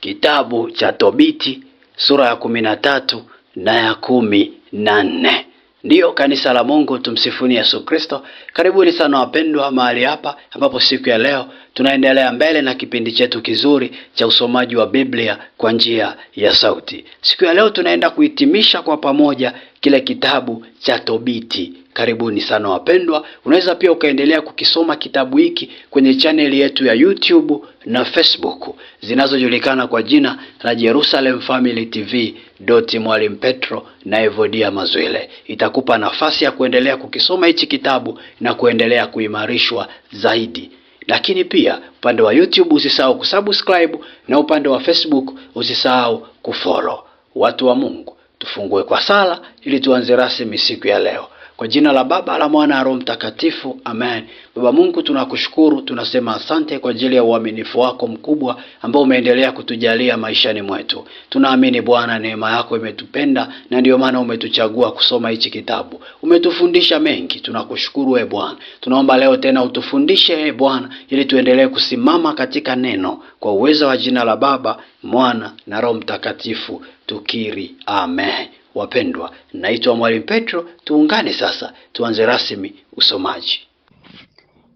Kitabu cha Tobiti sura ya kumi na tatu na ya kumi na nne. Ndiyo kanisa la Mungu, tumsifuni Yesu Kristo. Karibuni sana wapendwa mahali hapa ambapo siku ya leo tunaendelea mbele na kipindi chetu kizuri cha usomaji wa Biblia kwa njia ya sauti. Siku ya leo tunaenda kuhitimisha kwa pamoja kile kitabu cha Tobiti. Karibuni sana wapendwa, unaweza pia ukaendelea kukisoma kitabu hiki kwenye chaneli yetu ya YouTube na Facebook zinazojulikana kwa jina la Jerusalem Family TV doti Mwalimu Petro na Evodia Mazwile. Itakupa nafasi ya kuendelea kukisoma hichi kitabu na kuendelea kuimarishwa zaidi lakini pia upande wa YouTube usisahau kusubscribe na upande wa Facebook usisahau kufollow. Watu wa Mungu, tufungue kwa sala ili tuanze rasmi siku ya leo. Kwa jina la Baba la Mwana na Roho Mtakatifu, amen. Baba Mungu, tunakushukuru, tunasema asante kwa ajili ya uaminifu wako mkubwa ambao umeendelea kutujalia maishani mwetu. Tunaamini Bwana, neema yako imetupenda na ndiyo maana umetuchagua kusoma hichi kitabu. Umetufundisha mengi, tunakushukuru e Bwana. Tunaomba leo tena utufundishe e Bwana, ili tuendelee kusimama katika neno kwa uwezo wa jina la Baba, Mwana na Roho Mtakatifu, tukiri amen. Wapendwa, naitwa Mwalimu Petro. Tuungane sasa, tuanze rasmi usomaji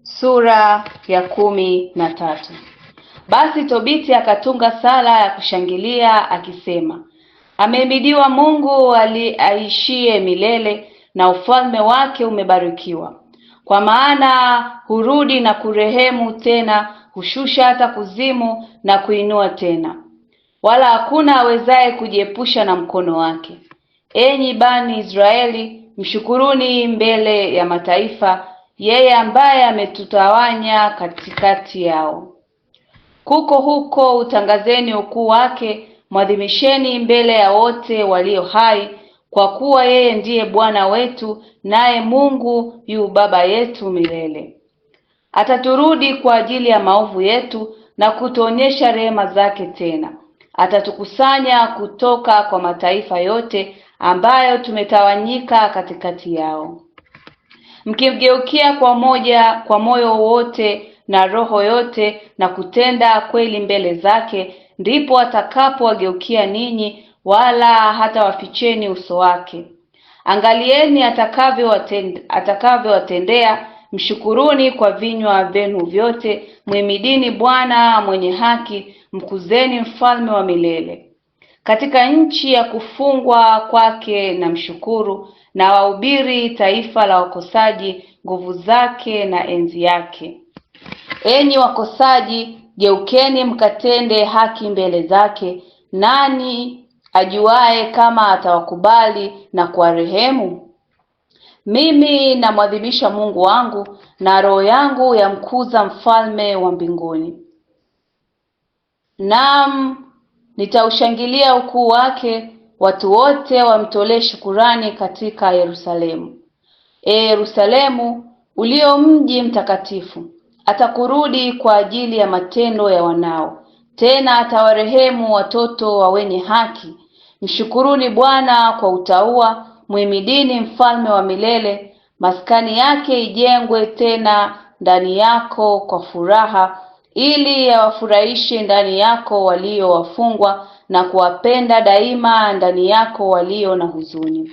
sura ya kumi na tatu. Basi Tobiti akatunga sala ya kushangilia akisema, amehimidiwa Mungu aliaishie milele, na ufalme wake umebarikiwa. Kwa maana hurudi na kurehemu tena, hushusha hata kuzimu na kuinua tena, wala hakuna awezaye kujiepusha na mkono wake. Enyi bani Israeli, mshukuruni mbele ya mataifa yeye ambaye ametutawanya katikati yao. Kuko huko utangazeni ukuu wake, mwadhimisheni mbele ya wote walio hai, kwa kuwa yeye ndiye Bwana wetu, naye Mungu yu Baba yetu milele. Ataturudi kwa ajili ya maovu yetu na kutuonyesha rehema zake tena. Atatukusanya kutoka kwa mataifa yote ambayo tumetawanyika katikati yao. Mkimgeukia kwa moja kwa moyo wote na roho yote na kutenda kweli mbele zake, ndipo atakapowageukia ninyi, wala hata waficheni uso wake. Angalieni atakavyowatendea atakavyowatendea, mshukuruni kwa vinywa vyenu vyote, mwimidini Bwana mwenye haki, mkuzeni mfalme wa milele. Katika nchi ya kufungwa kwake na mshukuru, na wahubiri taifa la wakosaji nguvu zake na enzi yake. Enyi wakosaji, geukeni mkatende haki mbele zake. Nani ajuaye kama atawakubali na kuwarehemu? Mimi namwadhimisha Mungu wangu, na roho yangu yamkuza mfalme wa mbinguni. Naam, Nitaushangilia ukuu wake, watu wote wamtolee shukurani katika Yerusalemu. E Yerusalemu, ulio mji mtakatifu, atakurudi kwa ajili ya matendo ya wanao, tena atawarehemu watoto wa wenye haki. Mshukuruni Bwana kwa utaua, mwimidini mfalme wa milele. Maskani yake ijengwe tena ndani yako kwa furaha, ili yawafurahishe ndani yako walio wafungwa na kuwapenda daima ndani yako walio na huzuni.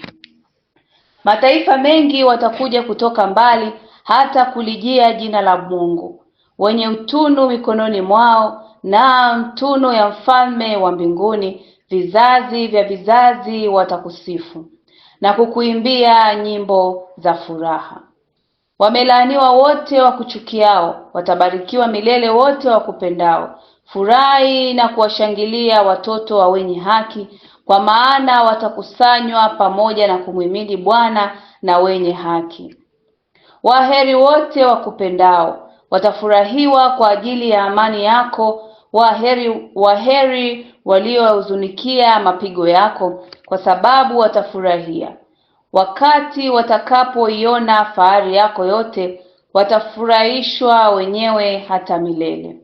Mataifa mengi watakuja kutoka mbali hata kulijia jina la Mungu, wenye utunu mikononi mwao na mtuno ya mfalme wa mbinguni. Vizazi vya vizazi watakusifu na kukuimbia nyimbo za furaha. Wamelaaniwa wote wa kuchukiao watabarikiwa milele wote wa kupendao Furahi na kuwashangilia watoto wa wenye haki, kwa maana watakusanywa pamoja na kumhimidi Bwana na wenye haki. Waheri wote wa kupendao watafurahiwa kwa ajili ya amani yako. Waheri, waheri waliohuzunikia mapigo yako, kwa sababu watafurahia. Wakati watakapoiona fahari yako yote, watafurahishwa wenyewe hata milele.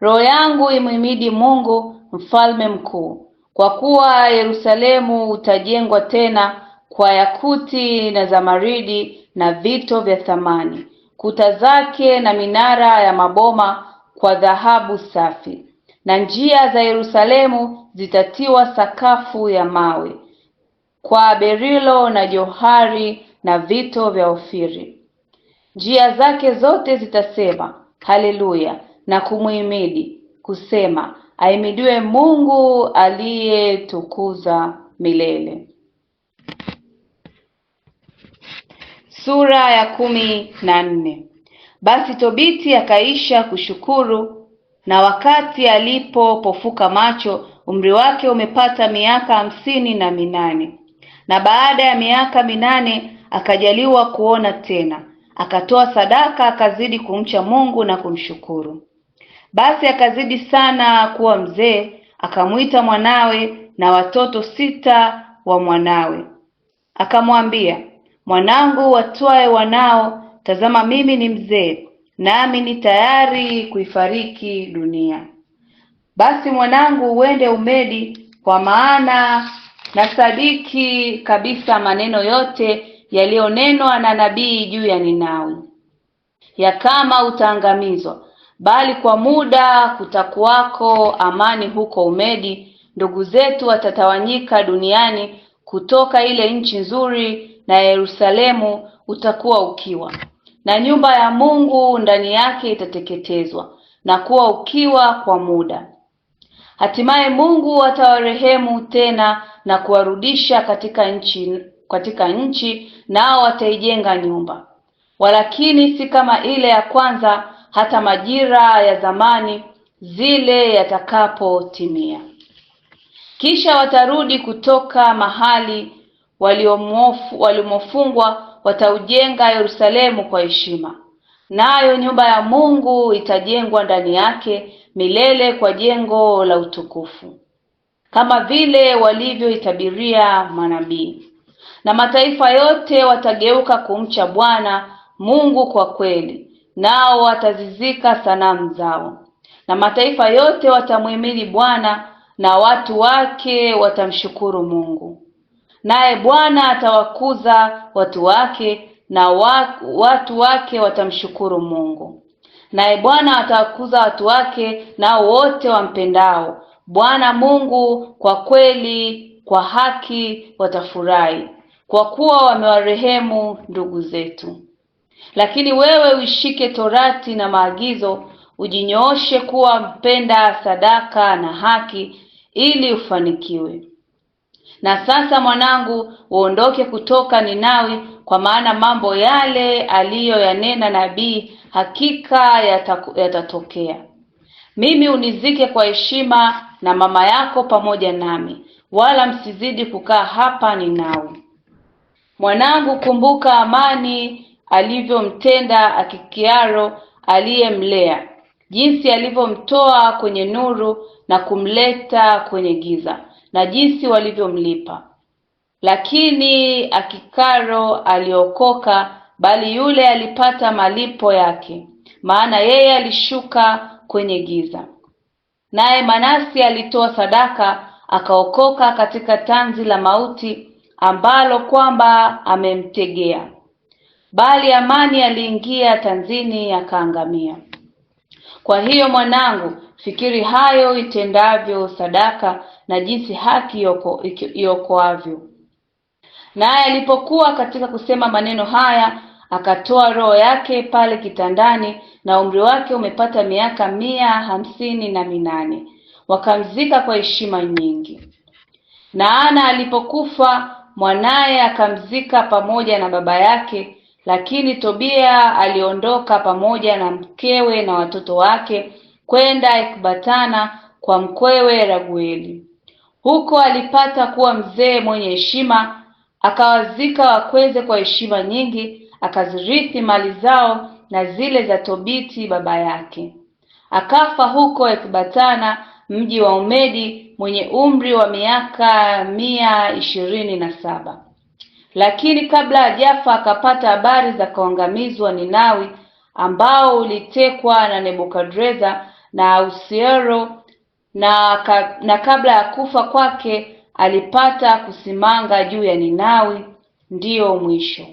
Roho yangu imhimidi Mungu mfalme mkuu, kwa kuwa Yerusalemu utajengwa tena kwa yakuti na zamaridi na vito vya thamani, kuta zake na minara ya maboma kwa dhahabu safi, na njia za Yerusalemu zitatiwa sakafu ya mawe kwa berilo na johari na vito vya Ofiri. Njia zake zote zitasema haleluya na kumhimidi kusema, aimidiwe Mungu aliyetukuza milele. Sura ya kumi na nne. Basi Tobiti akaisha kushukuru, na wakati alipopofuka macho, umri wake umepata miaka hamsini na minane na baada ya miaka minane akajaliwa kuona tena, akatoa sadaka, akazidi kumcha Mungu na kumshukuru. Basi akazidi sana kuwa mzee, akamwita mwanawe na watoto sita wa mwanawe, akamwambia, mwanangu, watwae wanao, tazama mimi ni mzee, nami ni tayari kuifariki dunia. Basi mwanangu, uende umedi, kwa maana na sadiki kabisa maneno yote yaliyonenwa na nabii juu ya Ninawi, ya kama utaangamizwa, bali kwa muda kutakuwako amani huko Umedi. Ndugu zetu watatawanyika duniani kutoka ile nchi nzuri, na Yerusalemu utakuwa ukiwa, na nyumba ya Mungu ndani yake itateketezwa na kuwa ukiwa kwa muda. Hatimaye Mungu atawarehemu tena na kuwarudisha katika nchi katika nchi, nao wataijenga nyumba, walakini si kama ile ya kwanza, hata majira ya zamani zile yatakapotimia. Kisha watarudi kutoka mahali walimofungwa, wataujenga Yerusalemu kwa heshima, nayo nyumba ya Mungu itajengwa ndani yake milele kwa jengo la utukufu, kama vile walivyoitabiria manabii, na mataifa yote watageuka kumcha Bwana Mungu kwa kweli, nao watazizika sanamu zao, na mataifa yote watamhimidi Bwana na watu wake watamshukuru Mungu, naye Bwana atawakuza watu wake na watu wake watamshukuru Mungu naye Bwana atawakuza watu wake, nao wote wampendao Bwana Mungu kwa kweli, kwa haki watafurahi, kwa kuwa wamewarehemu ndugu zetu. Lakini wewe uishike torati na maagizo, ujinyooshe kuwa mpenda sadaka na haki, ili ufanikiwe. Na sasa mwanangu, uondoke kutoka Ninawi, kwa maana mambo yale aliyoyanena nabii hakika yatatokea. yatatokea. Mimi unizike kwa heshima na mama yako pamoja nami, wala msizidi kukaa hapa ni nao Mwanangu, kumbuka Amani alivyomtenda Akikiaro aliyemlea, jinsi alivyomtoa kwenye nuru na kumleta kwenye giza, na jinsi walivyomlipa. Lakini Akikaro aliokoka bali yule alipata malipo yake, maana yeye alishuka kwenye giza. Naye Manasi alitoa sadaka akaokoka katika tanzi la mauti ambalo kwamba amemtegea, bali Amani aliingia tanzini akaangamia. Kwa hiyo mwanangu, fikiri hayo itendavyo sadaka na jinsi haki iokoavyo, Naye alipokuwa katika kusema maneno haya, akatoa roho yake pale kitandani, na umri wake umepata miaka mia hamsini na minane. Wakamzika kwa heshima nyingi. Na Ana alipokufa, mwanaye akamzika pamoja na baba yake. Lakini Tobia aliondoka pamoja na mkewe na watoto wake kwenda Ekbatana kwa mkwewe Ragueli. Huko alipata kuwa mzee mwenye heshima Akawazika wakweze kwa heshima nyingi, akazirithi mali zao na zile za Tobiti baba yake. Akafa huko Ekbatana, mji wa Umedi, mwenye umri wa miaka mia ishirini na saba. Lakini kabla ya jafa akapata habari za kuangamizwa Ninawi, ambao ulitekwa na Nebukadreza na ausiero na, ka, na kabla ya kufa kwake alipata kusimanga juu ya Ninawi, ndiyo mwisho.